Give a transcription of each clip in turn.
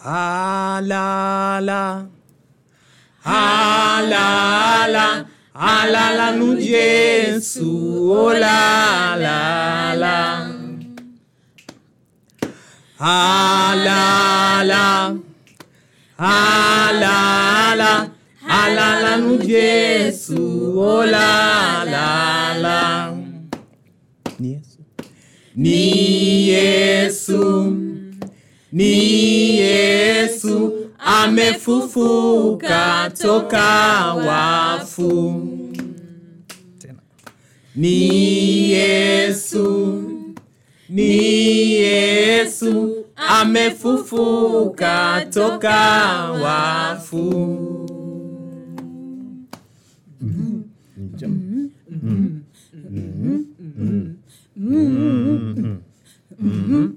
alala Ah, la, Ala, Ah, la, ala, Ah, la, la, no Jesu. Ola, la, la, Ala, la, ala. la, la, no Jesu. Ola, la, la, Ni ni Yesu amefufuka toka wafu. Ni Yesu, ni Yesu amefufuka toka wafu. Mm-hmm. Mm-hmm. Mm-hmm. Mm-hmm. Mm-hmm. Mm-hmm. Mm-hmm.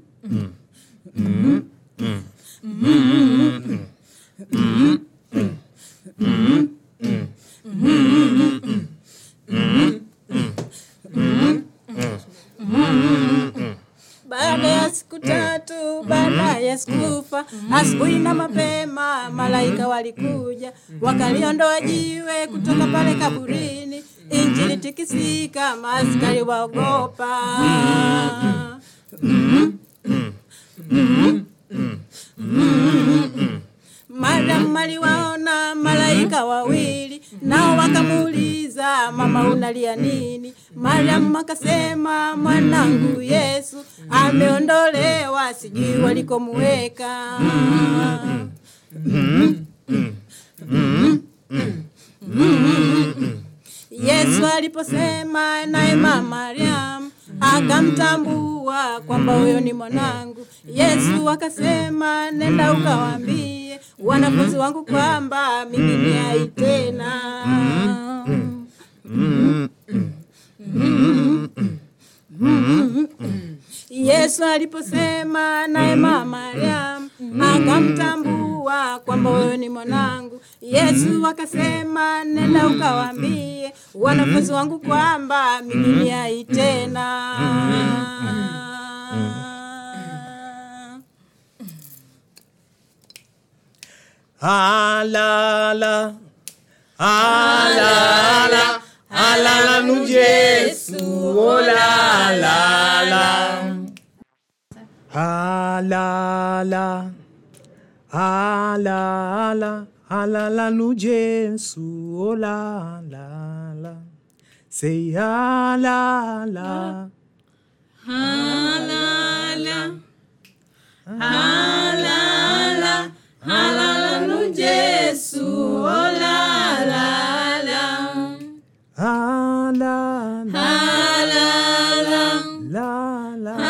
Bwana mm-hmm. Yesu mm-hmm. kufa. Asubuhi na mm-hmm. mapema malaika walikuja wakaliondoa jiwe kutoka pale kaburini, injili tikisika, maaskari waogopa. nao wakamuuliza mama, unalia nini? Mariamu akasema mwanangu Yesu ameondolewa, sijui walikomuweka. Yesu aliposema naye mama Mariamu akamtambua kwamba huyo ni mwanangu. Yesu akasema nenda ukawaambia niambie wanafunzi wangu kwamba mimi mhm. ni hai tena yesu aliposema naye mama mamariam akamtambua kwamba wewe ni mwanangu yesu akasema nenda ukawaambie wanafunzi wangu kwamba mimi ni hai tena Ah la la, ah la la, ah la la no Jesu, oh la la la. Ah la la, ah la la, ah la la no Jesu, oh la la la. Say ah la la, la. la la